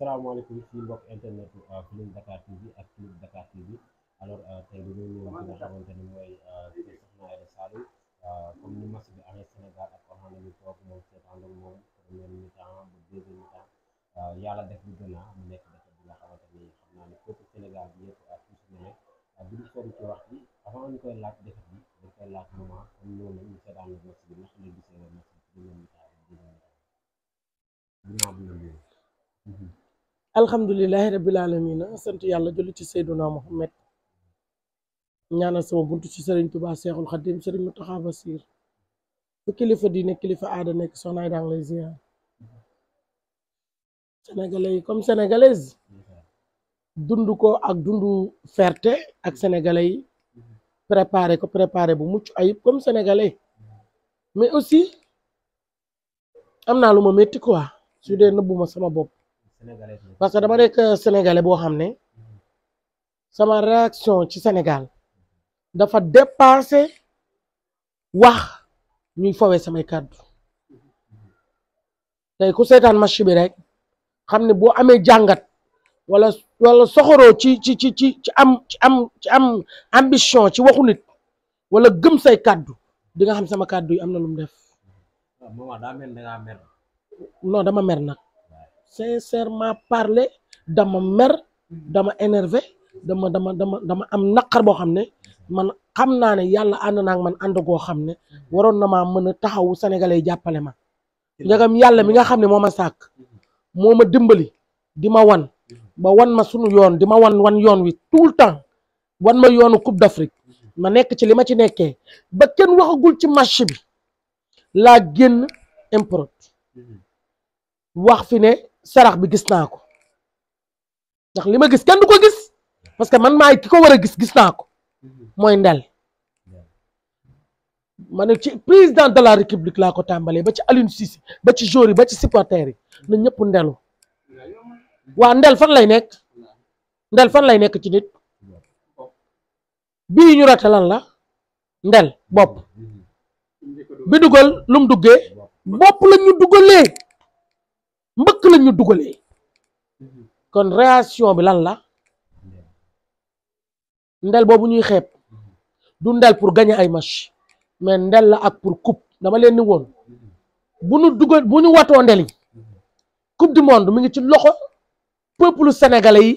salaamaaleykum fii mbokk internet euh, Feeling Dakar TV ak Click Dakar TV alors euh, tey dañoo ñëw nga xamante ni mooy euh, kër Soxna bi amee Sénégal ak Hollande ñu toog moom seetaan moom premier mi-temps ba yàlla def lu gën a mu nekk dëkk bi nga xamante ni xam naa ne foofu Sénégal bi yëpp ak tuuti na ne bi ñu sori ci wax bi avant ñu koy laaj dëkk bi dañ koy laaj moment comme noonu ñu seetaan la bi ndax la gisee woon match bi premier mi-temps ak deuxième alhamdulilahi rabil alamina sant yàlla julli ci seyduna muhammad ñaanal sama bunt ci sëriñ tubaa seexul xadim sëriñ Muntaxa Basiir fu kilifa diine kilifa aada nekk soxnaay daang lay ziar yi comme sénégalaise dund ko ak dundu ferte ak sénégalais yi préparé ko préparé bu mucc ayib comme sénégalais mais aussi am naa lu ma métti quoi su dee nëbbuma sama bopp parce que dama nekk sénégalais boo xam ne sama réaction ci Sénégal dafa dépassé wax ñuy fowee samay kàddu tey ku seetaan match bi rek xam ne boo amee jàngat wala wala soxoroo ci ci ci ci ci am am ci am ambition ci waxu nit wala gëm say kàddu di nga xam sama kàddu yi am na lu def. Ah, non dama mer nag. sincèrement parler dama mer dama énervé dama dama dama dama am naqar boo xam ne man xam naa ne yàlla ànd naa man ànd goo xam ne waroon na maa mën a taxawu sénégalais yi jàppale ma ndegam yàlla mi nga xam ne moo ma sàkk moo ma dimbali di ma wan ba wan ma sunu yoon di ma wan wan yoon wi tout le temps wan ma yoonu coupe d'Afrique ma nekk ci li ma ci nekkee ba kenn waxagul ci match bi laa génn import wax fi ne sarax bi gis naa ko ndax li ma gis kenn du ko gis parce que man maay ki ko war a gis gis naa ko mooy ndel ma ne ci président de la république laa ko tàmbalee ba ci Aliou Cissé ba ci joueurs yi ba ci supporters yi na ñëpp ndelu waa ndel fan lay nekk ndel fan lay nekk ci nit bii ñu rate lan la ndel bopp bi dugal lu mu bopp la ñu dugalee mbëkk lañ ñu dugalee mhm. kon réaction bi lan la mhm. ndel boobu ñuy xeeb mhm. du ndel pour gagner ay match mais ndel la ak pour coupe dama leen ni woon bu ñu dugal bu ñu watoo ndel yi coupe du monde mi ngi ci loxo peuple sénégalais yi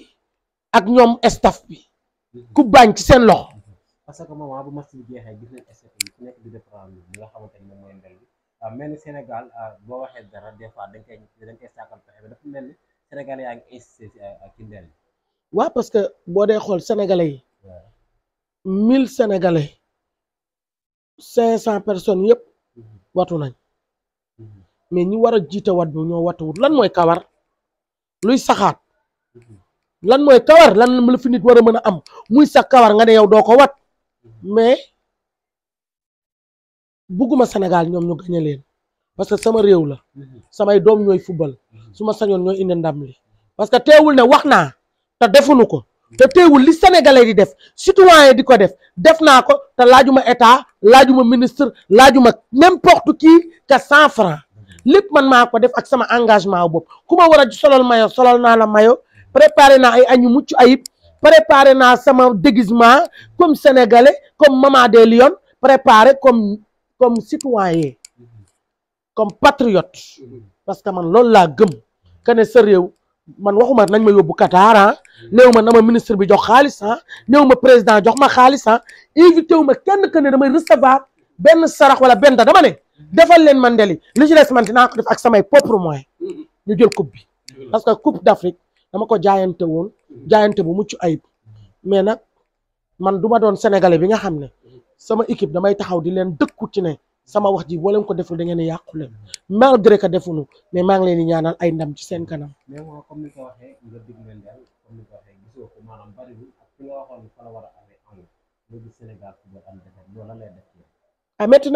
ak ñoom staff bi coupe baañ ci seen loxo. parce que moment bu match bi jeexee gis nañ staff yi moom mooy ndel Ah, mel ni Sénégal ah, boo waxee dara fois dañ koy dañ koy sàkkal Sénégal yaa ngi insisté si ah, parce que boo dee xool sénégalais yi mille sénégalais cinq cent personnes yëpp mm-hmm. watu nañ mm-hmm. mais ñi war a jiite wat bi ñoo watuwut lan mooy kawar luy saxaat mm-hmm. lan mooy kawar lan la fi nit war mën a am muy sax kawar nga ne yow doo ko wat mais bugguma Sénégal ñoom ñu gañe leen parce que sama réew la samay doom ñooy football su ma sañoon ñooy indi ndam li parce que teewul ne wax naa te defuñu ko te teewul li sénégalais di def citoyen di ko def def naa ko te laajuma état laajuma ministre laajuma n'importe qui que cent francs lépp man maa ko def ak sama engagement bopp ku ma war a solal mayo solal naa la mayo préparé naa ay añu mucc ayib préparé naa sama déguisement comme sénégalais comme maman des lions préparé comme citoyen comme patriote parce que man loolu laa gëm que ne sa réew man waxuma nañ ma yóbbu Qatar ah néew ma na ma ministre bi jox xaalis ah néew ma président jox ma xaalis ah invité wu ma kenn que ne damay recevoir benn sarax wala benn dama ne defal leen man ndeli li ci des man dinaa ko def ak samay propre moyen ñu jël coupe bi parce que coupe d'Afrique dama ko jaayante woon jaayante bu mucc ayib mais nag man du ma doon sénégalais bi nga xam ne sama équipe damay taxaw di leen dëkku ci ne sama wax ji boo leen ko deful da ngeen yàqu leen malgré que defuñu mais maa ngi leen di ñaanal ay ndam ci seen kanam. mais comme ni ko waxee nga dig na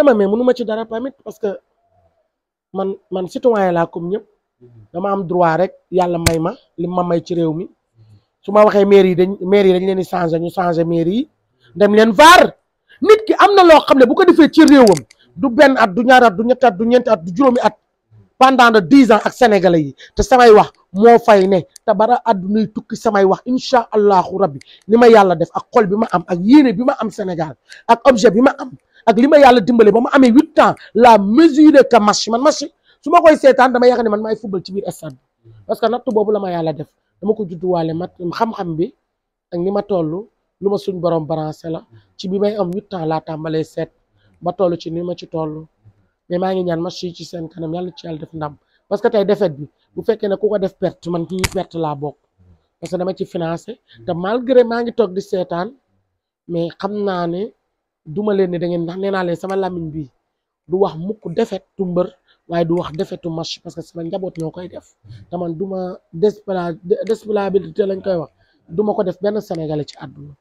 ma mais mënu ci dara tamit parce que man man citoyen laa comme ñëpp dama am droit rek yàlla may ma li ma may ci réew mi su ma waxee maire yi dañ maire yi dañ leen di changer ñu changer maire yi dem leen vaar. nit ki am na loo xam ne bu ko defee ci réewam du benn at du ñaari at du ñetti at du ñeenti at juróomi at pendant de dix ans ak sénégalais yi te samay wax moo fay ne te bara àddunay tukki samay wax incha allahu rabbi ni ma yàlla def ak xol bi ma am ak yéene bi ma am Sénégal ak objet bi ma am ak li ma yàlla dimbale ba ma amee huit ans la mesure que match man match su ma koy seetaan dama yàgg ne man maay football ci biir stade bi parce que nattu boobu la ma yàlla def dama ko judduwaale mat xam-xam bi ak ni ma toll lu ma suñ borom branché la mm-hmm. ci bi may am huit ans laa tàmbalee seet ba toll ci ni ma ci toll mm-hmm. mais maa ngi ñaan match yi ci seen kanam yàlla ci yàlla def ndam parce que tey défaite bi bu fekkee ne ku ko def perte man ci laa bokk mm-hmm. parce que dama ci financé te malgré maa ngi toog di seetaan mais xam naa ne duma leen ne da ngeen ndax leen sama làmmiñ bi du wax mukk defet tu mbër waaye du wax defetu match parce que sama njaboot ñoo koy def te man duma désplabilité lañ koy wax duma ko def benn sénégalais ci àdduna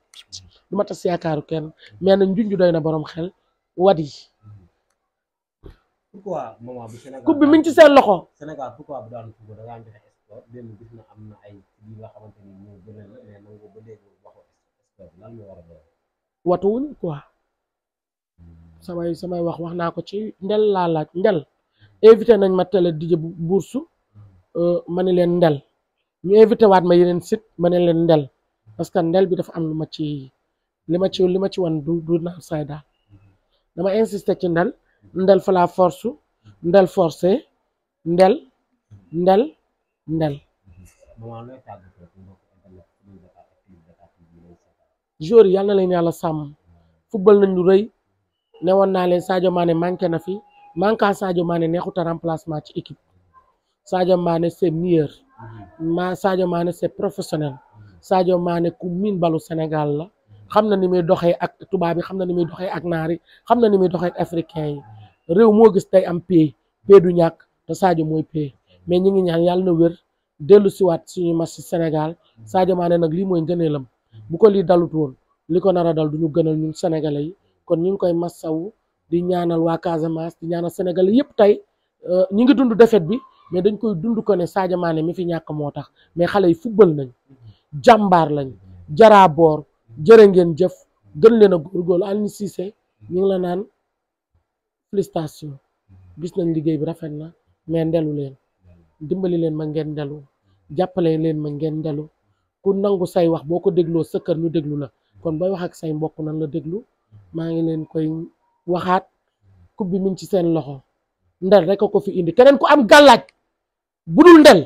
du tas yaakaaru kenn mais nag njunju doy na borom xel wat yi. pourquoi moment bi Sénégal ci seen loxo. Sénégal pourquoi am na ay samay samay wax wax naa ko ci ndel laa laaj ndel invité nañ ma télé DJ Bourse hmm. euh, ma ni leen ndel. ñu invité waat ma yeneen site ma ne leen ndel parce que ndel bi dafa am lu ma ci li ma ci li ma ci wan du du naan saay daal dama insisté ci ndel ndel fa la force ndel forcé ndel ndel ndel jour leen yàlla sàmm football nañ lu rëy ne woon naa leen saajo Mané manqué na fi manquant Sadio Mané neexuta remplacement ci équipe Sadio Mané c'est meilleur ma Sadio maane c'est professionnel Sadio maane ku miin balu Sénégal la xam na ni muy doxee ak tubaab yi xam na ni muy doxee ak naar yi xam na ni muy doxee ak africain yi réew moo gis tey am pay pay du ñàkk te Sadio mooy pay mais ñi ngi ñaan yàlla na wér dellu siwaat suñu match ci Sénégal Sadio Mané nag lii mooy ngëneelam bu ko lii dalut woon li ko nara a dal du ñu gënal ñun sénégalais yi kon ñu ngi koy massawu di ñaanal waa Casamance di ñaanal sénégalais yëpp tey euh, ñu ngi dund défaite bi mais dañ koy dund ko ne Sadio Mané mi fi ñàkk moo tax mais xale yi football nañ jàmbaar lañ jaraaboor boor ngeen jëf gën leen a góorgóorlu Aliou Cissé ñu ngi la naan félicitation gis nañ liggéey bi rafet na mais ndelu leen dimbali leen ma ngeen ndelu jàppale leen ma ngeen ndelu ku nangu say wax boo ko dégloo sa kër ñu déglu la kon booy wax ak say mbokk nañ la déglu maa ngi leen koy waxaat coupe bi mi ci seen loxo ndel rek a ko fi indi keneen ku am gàllaaj bu dul ndel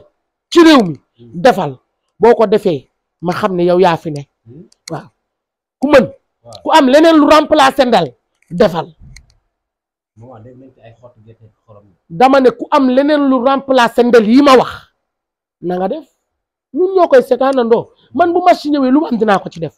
ci réew mi defal boo ko defee ma xam ne yow yaa fi ne hmm? waaw ku mën ku am leneen lu remplacer ndel defal dama ne ku am leneen lu remplacer ndel yi ma wax nanga nga def ñun ñoo koy seetaanandoo man bu match ñëwee lu ma am dinaa ko ci def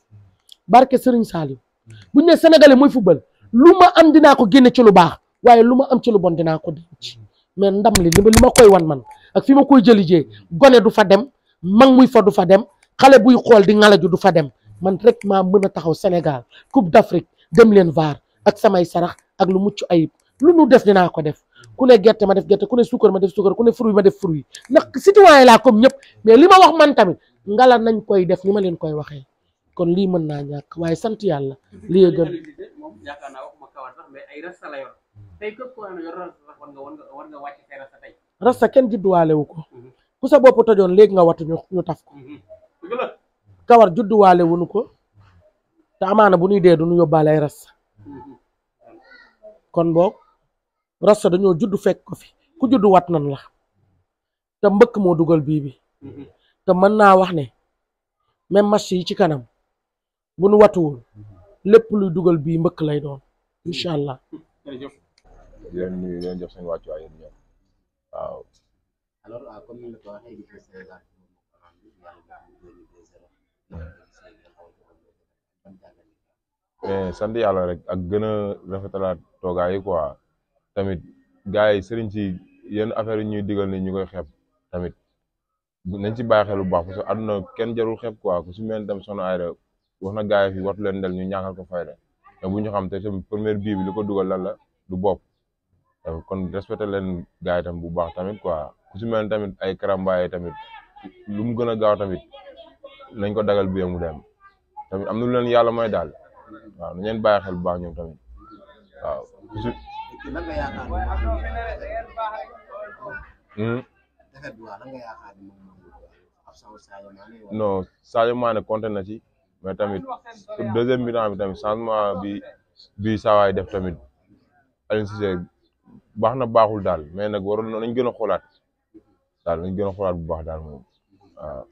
barke Serigne Saliou hmm. buñ ne sénégalais mooy football lu ma am dinaa ko génne ci lu baax waaye lu ma am ci lu bon dinaa ko denc hmm. mais ndam li li ma koy wan man ak fi ma koy jëli jee gone du fa dem mag muy fa du fa dem xale buy xool di ngalaju du fa dem man rek maa mën a taxaw Sénégal Coupe d'Afrique dem leen vaar ak samay sarax ak lu mucc ayib lu nu def dinaa ko def ku ne gerte ma def gerte ku ne suukar ma def suukar ku ne fruit ma def fruit ndax citoyen laa comme ñëpp mais li ma wax man tamit ngala nañ koy def ni ma leen koy waxee kon lii mën naa ñàkk waaye sant yàlla lii gën tey rasta kenn judduwaale wu ko bu sa bopp tojoon léegi nga watu ñu taf ko kawar judduwaale wuñu ko te bu ñuy dee du ñu yóbbaale ay rasta kon boo rasta dañoo juddu fekk ko fi ku juddu wat nan la te mbëkk moo dugal bii bi te mën naa wax ne même match yi ci kanam bu nu watuwul lépp luy dugal bii mbëkk lay doon incha allah. jërëjëf di leen waaw. alors euh, comme yàlla rek ak gën a rafetalaat toogaay yi quoi tamit gars yi sëriñ si yenn affaire yi ñuy digal ni ñu koy xeeb tamit nañ ci bàyyi xel bu baax parce que kenn jarul xep quoi ku si mel tam Soxna Aida wax na gars yi fi wartu leen del ñu ñàkkal ko fayda te bu ñu xam te tamit première bii bi ko dugal lan la du bopp. kon respecté leen gars yi tamit bu baax tamit quoi tamit ay karambaay tamit lu mu gën a gaaw tamit nañ ko dagal bi mu dem tamit am na lu leen yàlla may daal waaw nañ leen bàyyi xel bu baax ñoom tamit waaw. Hmm? non Sadio ci mais tamit deuxième mi-temps bi tamit changement bi bi saawaay def tamit Aliou Cissé baax na baaxul daal mais nag waroon nañ gën a xoolaat daal bu baax daal moom waaw.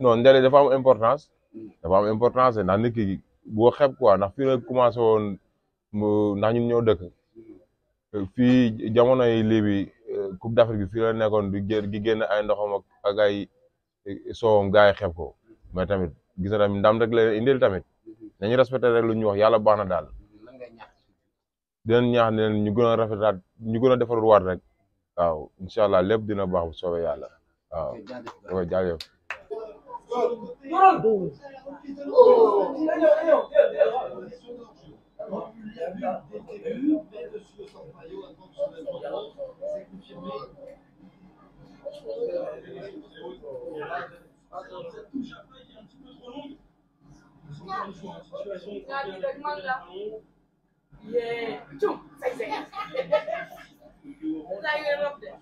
non ndel dafa am importance. Hmm. dafa am importance ndax nit ki boo xeeb quoi ndax fii la commencé woon ndax ñun ñoo dëkk fii jamono yi lii bi euh, Coupe d'Afrique bi fii la nekkoon di génn di génn ay ndoxam ak ay eh, soowam gars yi xeeb ko mais tamit gis na tamit ndam rek la indil tamit. nañu respecté rek lu ñu wax yàlla baax na daal dinañ ñaax ne ñu gën a rafetaat ñu gën a defarul waat rek waaw incha allah lépp dina baax bu soobee yàlla waaw na bidogman la ye cung say say sa yore rob de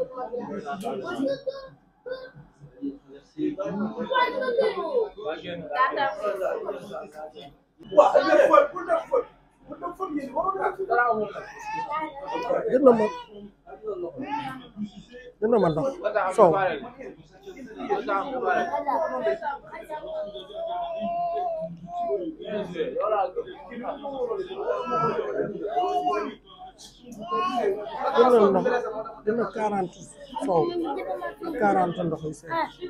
Thank you. jënd na ma soow jënd na ndox soow quarante ndox yi